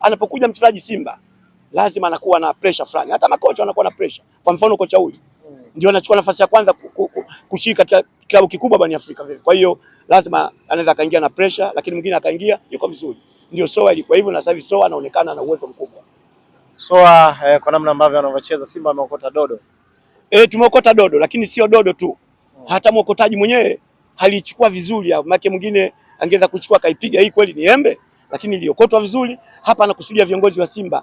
anapokuja mchezaji Simba lazima anakuwa na pressure fulani, hata makocha wanakuwa na pressure. Kwa mfano kocha huyu ndio anachukua nafasi ya kwanza kushiriki katika klabu kikubwa barani Afrika vile. Kwa hiyo lazima anaweza akaingia na pressure, lakini mwingine akaingia yuko vizuri. Ndio Soa ilikuwa hivyo, na sasa hivi Soa anaonekana na uwezo mkubwa. Soa eh, kwa namna ambavyo anavyocheza Simba ameokota dodo eh, tumeokota dodo, lakini sio dodo tu hmm. hata mwokotaji mwenyewe halichukua vizuri, maana mwingine angeza kuchukua kaipiga Hii kweli ni embe lakini iliokotwa vizuri hapa, na kusudia viongozi wa Simba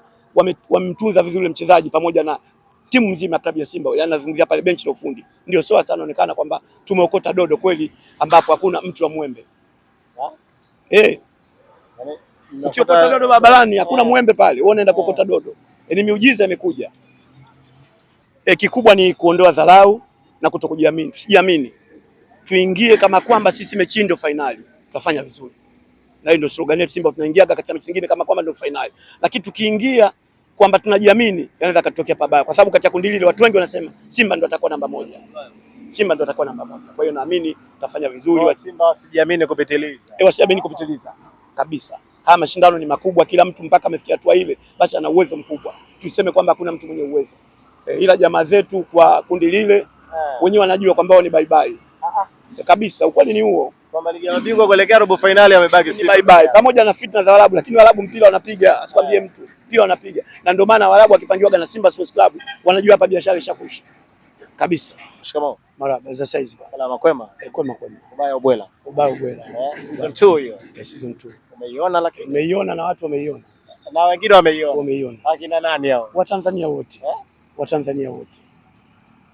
wamemtunza vizuri mchezaji pamoja na timu nzima ya klabu ya Simba, yani nazungumzia pale benchi la ufundi, ndio sawa sana, inaonekana kwamba tumeokota dodo kweli, ambapo hakuna mtu wa mwembe eh, yani ukiokota dodo barabarani hakuna mwembe pale, wewe unaenda kuokota dodo. E, ni miujiza imekuja. E, kikubwa ni kuondoa dharau na kutokujiamini. Tusijiamini, tuingie kama kwamba sisi mechi ndio fainali, tutafanya vizuri na hiyo ndio slogan yetu Simba, tunaingiaga katika mechi nyingine kama kwamba ndio finali, lakini tukiingia kwamba tunajiamini, yanaweza katokea pabaya, kwa sababu katika kundi hili watu wengi wanasema Simba ndio atakuwa namba moja, Simba ndio atakuwa namba moja. Kwa hiyo naamini tutafanya vizuri wa Simba, wasijiamini kupitiliza, eh, wasijiamini kupitiliza kabisa. Haya mashindano ni makubwa, kila mtu mpaka amefikia hatua ile, basi ana uwezo mkubwa. Tuseme kwamba hakuna mtu mwenye uwezo e, ila jamaa zetu kwa kundi lile eh. wenyewe wanajua kwamba wao ni bye ah, ah. eh, bye. kabisa, ukweli ni huo kwamba ligi ya mabingwa kuelekea robo finali amebaki si bye bye, pamoja na fitna za Waarabu, lakini Waarabu mpira wanapiga, asikwambie yeah. mtu, pia wanapiga, na ndio maana Waarabu wakipangiwaga na Simba Sports Club wanajua hapa biashara ishakwisha kabisa. Shikamoo. Marhaba, za saizi bwana. Salama kwema? Eh, kwema kwema. Ubaya ubwela. Ubaya ubwela. Eh, season 2 hiyo. Eh, season 2. Umeiona lakini umeiona na watu wameiona. Na wengine wameiona. Wameiona. Akina nani hao? Watanzania wote. Eh? Watanzania wote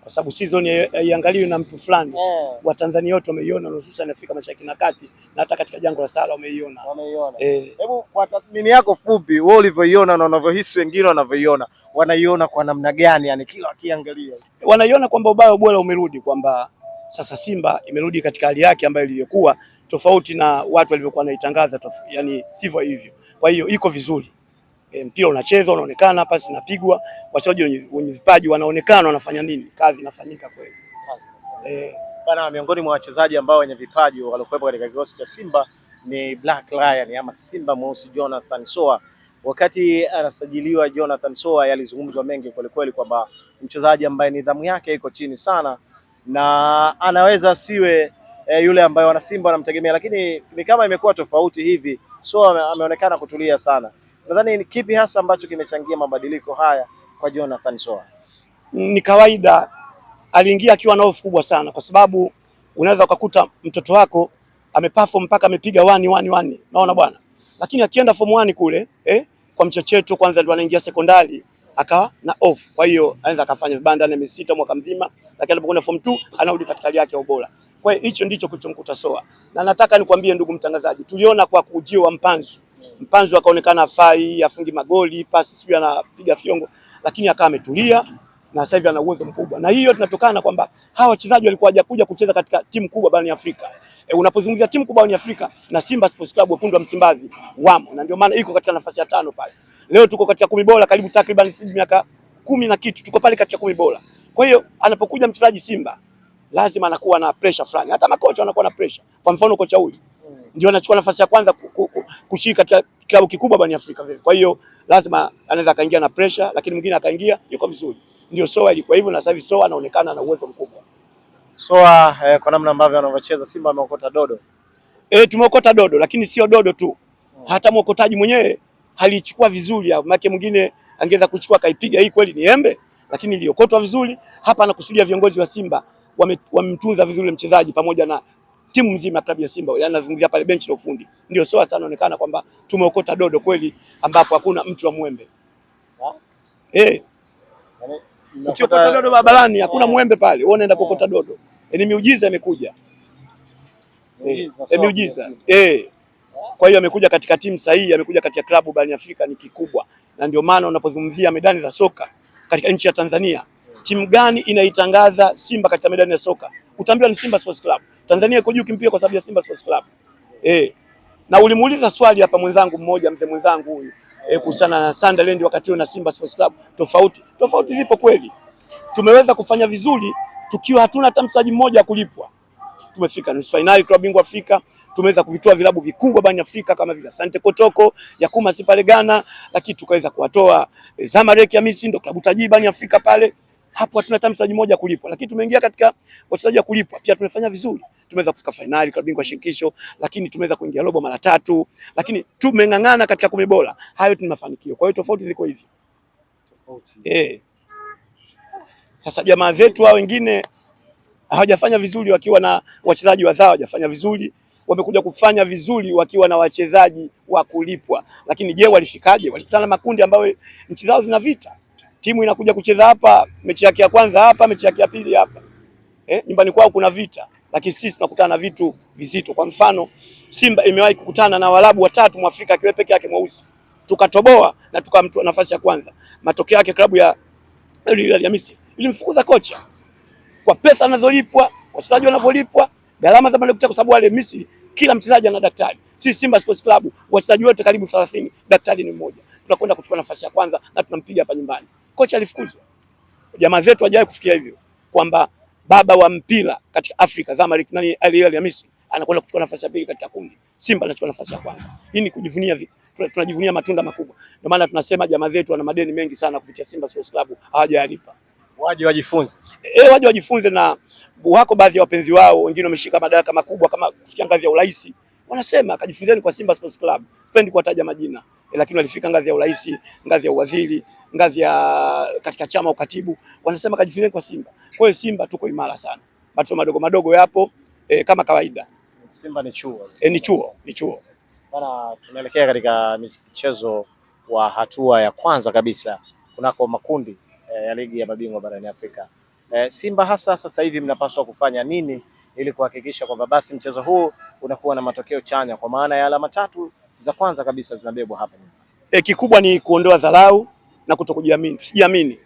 kwa sababu season haiangaliwi na mtu fulani yeah. Watanzania wote wameiona, hususan Afrika Mashariki na Kati na hata katika jangwa la Sahara wameiona. Wameiona. Eh. Hebu kwa tathmini yako fupi, wewe ulivyoiona na unavyohisi wengine wanavyoiona, wanaiona kwa namna gani? Yani kila wakiangalia wanaiona kwamba ubaya bora umerudi, kwamba sasa Simba imerudi katika hali yake ambayo iliyokuwa tofauti na watu walivyokuwa wanaitangaza, yani sivyo hivyo. Kwa hiyo iko vizuri e, mpira unachezwa unaonekana, pasi zinapigwa, wachezaji wenye vipaji wanaonekana wanafanya nini, kazi inafanyika kweli e. Bana, miongoni mwa wachezaji ambao wenye vipaji waliokuwepo katika kikosi cha Simba ni Black Lion ama Simba mweusi Jonathan Soa. Wakati anasajiliwa Jonathan Soa, yalizungumzwa mengi kwelikweli kwamba mchezaji ambaye nidhamu yake iko chini sana na anaweza asiwe e, yule ambaye wanasimba wanamtegemea, lakini ni kama imekuwa tofauti hivi. Soa ameonekana kutulia sana. Nadhani ni kipi hasa ambacho kimechangia mabadiliko haya kwa Jonathan Soa? Ni kawaida, aliingia akiwa na hofu kubwa sana, kwa sababu unaweza ukakuta mtoto wako ameperform mpaka amepiga wani wani wani, naona bwana, lakini akienda form 1 kule eh, kwa mchecheto kwanza ndio anaingia sekondari akawa na off. Kwa hiyo anaweza akafanya vibanda na miezi sita mwaka mzima, lakini alipokwenda form 2 anarudi katika hali yake ya ubora. Kwa hiyo hicho ndicho kilichomkuta Soa, na nataka nikwambie ndugu mtangazaji, tuliona kwa kujiwa Mpanzu Mpanzu akaonekana fai, afungi magoli, pasi sio anapiga fiongo, lakini akawa ametulia na sasa hivi ana uwezo mkubwa, na hiyo tunatokana kwamba hawa wachezaji walikuwa hajakuja kucheza katika timu kubwa barani Afrika. E, unapozungumzia timu kubwa barani Afrika na Simba Sports Club wekundu wa Msimbazi wamo, na ndio maana iko katika nafasi ya tano pale. Leo tuko katika kumi bora karibu takriban miaka kumi na kitu, tuko pale katika kumi bora. Kwa hiyo anapokuja mchezaji Simba lazima anakuwa na pressure fulani, hata makocha wanakuwa na pressure. Kwa mfano kocha huyu ndio anachukua nafasi ya kwanza ku, ku, ku, kushiriki katika klabu kikubwa barani Afrika vile. Kwa hiyo lazima anaweza akaingia na pressure, lakini mwingine akaingia yuko vizuri. Ndio Soa ilikuwa hivyo, na sasa hivi Soa anaonekana na uwezo mkubwa. Soa eh, kwa namna ambavyo anavyocheza Simba ameokota dodo eh, tumeokota dodo, lakini sio dodo tu, hmm. hata mwokotaji mwenyewe halichukua vizuri hapo, maana mwingine angeweza kuchukua akaipiga. Hii kweli ni embe, lakini iliokotwa vizuri. Hapa anakusudia viongozi wa Simba wamemtunza vizuri mchezaji pamoja na timu mzima klabu ya Simba, yani nazungumzia pale benchi la ufundi, ndio sawa sana, inaonekana kwamba tumeokota dodo kweli, ambapo hakuna mtu wa mwembe eh, yani ukiokota dodo barabarani hakuna mwembe pale, wewe unaenda kuokota dodo. Eh, ni miujiza imekuja, eh, miujiza eh. Kwa hiyo amekuja katika timu sahihi, amekuja katika klabu barani Afrika ni kikubwa, na ndio maana unapozungumzia medani za soka katika nchi ya Tanzania, hmm. timu gani inaitangaza Simba katika medani ya soka, utaambiwa ni Simba Sports Club. Tanzania iko juu kimpira kwa sababu ya Simba Sports Club. Eh. Na ulimuuliza swali hapa mwenzangu mmoja mzee mwenzangu huyu eh, kuhusiana na Sunderland wakati huo na Simba Sports Club tofauti. Tofauti zipo kweli. Tumeweza kufanya vizuri tukiwa hatuna hata mchezaji mmoja wa kulipwa. Tumefika nusu finali klabu bingwa Afrika, tumeweza kuvitoa vilabu vikubwa barani Afrika kama vile Asante Kotoko, Yakuma Sipale Ghana, lakini tukaweza kuwatoa eh, Zamalek ya Misri, ndo klabu tajiri barani Afrika pale hapo hatuna hata mchezaji mmoja kulipwa, lakini tumeingia katika wachezaji wa kulipwa pia. Tumefanya vizuri, tumeweza kufika fainali klabu bingwa shirikisho, lakini tumeweza kuingia robo mara tatu, lakini tumeng'ang'ana katika kumi bora. Hayo tuna mafanikio. Kwa hiyo tofauti ziko hivi eh. Sasa jamaa zetu hao wengine hawajafanya vizuri wakiwa na wachezaji wadhaa, hawajafanya vizuri wamekuja kufanya vizuri wakiwa na wachezaji wa kulipwa, lakini je, walifikaje? Walikutana makundi ambayo nchi zao zina vita timu inakuja kucheza hapa mechi yake ya kwanza hapa, mechi yake ya pili hapa eh, nyumbani kwao kuna vita, lakini sisi tunakutana na vitu vizito. Kwa mfano, Simba imewahi kukutana na Waarabu watatu Mwafrika akiwa peke yake mweusi, tukatoboa na tukamtoa nafasi ya kwanza. Matokeo yake klabu ya ya Misri ilimfukuza kocha kwa pesa anazolipwa, wachezaji wanavyolipwa, gharama za malipo, kwa sababu wale Misri kila mchezaji ana daktari. Sisi Simba Sports Club wachezaji wote karibu 30 daktari ni mmoja, tunakwenda kuchukua nafasi ya kwanza na tunampiga hapa nyumbani kocha alifukuzwa. Jamaa zetu hajawahi kufikia hivyo kwamba baba wa mpira katika Afrika Zamalek nani Ali Ali Hamisi anakwenda kuchukua nafasi ya pili katika kundi, Simba anachukua nafasi ya kwanza. Hii ni kujivunia Tunajivunia matunda makubwa. Ndio maana tunasema jamaa zetu wana madeni mengi sana kupitia Simba Sports Club, hawajalipa. Waje wajifunze, eh, waje wajifunze, na wako baadhi ya wapenzi wao wengine wameshika madaraka makubwa kama kufikia ngazi ya urais wanasema kajifunzeni kwa Simba Sports Club, sipendi kuwataja majina e, lakini walifika ngazi ya urais, ngazi ya uwaziri, ngazi ya katika chama ukatibu, wanasema kajifunzeni kwa Simba. Kwa hiyo Simba tuko imara sana, matatizo madogo madogo yapo e, kama kawaida. Simba ni chuo e, ni chuo ni chuo bana. Tunaelekea katika mchezo wa hatua ya kwanza kabisa kunako makundi e, ya ligi ya mabingwa barani Afrika. E, Simba hasa sasa hivi mnapaswa kufanya nini ili kuhakikisha kwamba basi mchezo huu unakuwa na matokeo chanya, kwa maana ya alama tatu za kwanza kabisa zinabebwa hapa. E, kikubwa ni kuondoa dharau na kutokujiamini. Tusijiamini,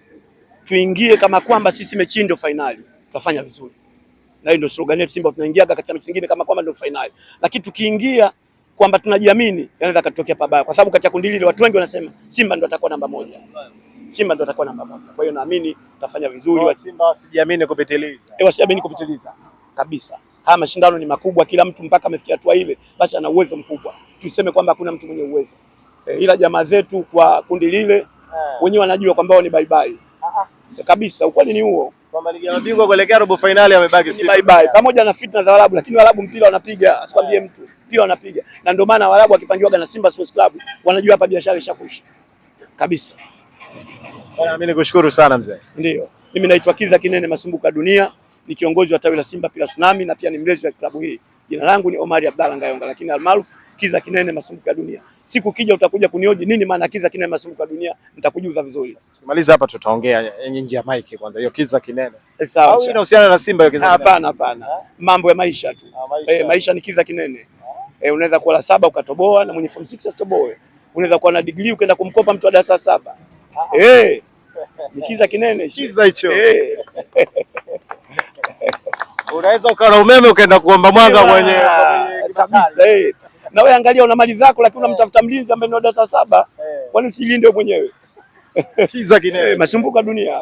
tuingie kama kwamba sisi mechi ndio fainali, tutafanya vizuri na hiyo ndio slogan yetu Simba. Tunaingiaga katika mechi zingine kama kwamba ndio fainali, lakini tukiingia kwamba tunajiamini, yanaweza katokea pabaya, kwa sababu katika kundi hili watu wengi wanasema Simba ndio atakuwa namba moja, Simba ndio atakuwa namba moja. Kwa hiyo naamini tutafanya vizuri. Wa Simba wasijiamini kupitiliza, eh, wasijiamini kupitiliza kabisa. Haya mashindano ni makubwa, kila mtu mpaka amefikia hatua ile, basi ana uwezo mkubwa. Tuseme kwamba hakuna mtu mwenye uwezo e, ila jamaa zetu kwa kundi lile eh. wenyewe wanajua kwamba wao ni bye bye Ah, ah. E, kabisa. Ukweli ni huo kwamba ligi ya mabingwa kuelekea robo finali amebaki si bye bye, pamoja na fitna za Waarabu, lakini Waarabu mpira wanapiga, asikwambie eh. mtu, pia wanapiga, na ndio maana Waarabu wakipangiwaga na Simba Sports Club wanajua hapa biashara ishakwisha kabisa. Bwana, Mimi nikushukuru sana mzee. Ndio mimi naitwa Kiza Kinene Masumbuka Dunia ni kiongozi wa tawi la Simba Pillars nami na pia ni mlezi wa klabu hii. Jina langu ni Omari Abdalla Ngayonga, lakini almaarufu Kiza Kinene Masumbuko ya Dunia. Siku kija utakuja kunioji nini maana Kiza Kinene Masumbuko ya Dunia, nitakujuza vizuri. Tumaliza hapa, tutaongea nje ya mike kwanza. Hiyo Kiza Kinene e, sawa, au inahusiana na Simba hiyo Kiza? Hapana, hapana, mambo ya maisha tu. ha, ah, Maisha. E, maisha ni Kiza Kinene. E, unaweza kuwa la saba ukatoboa na mwenye form 6 asitoboe. Unaweza kuwa na degree ukaenda kumkopa mtu wa darasa saba. Eh, ni Kiza Kinene. hicho. Kiza hicho. Eh unaweza ukala umeme ukaenda kuomba mwanga kwenye kabisa eh. Na wewe angalia, una mali zako lakini unamtafuta mlinzi ambaye ni saa saba, eh. kwani usijilinde mwenyewe? Kiza kinene, eh, masumbuko dunia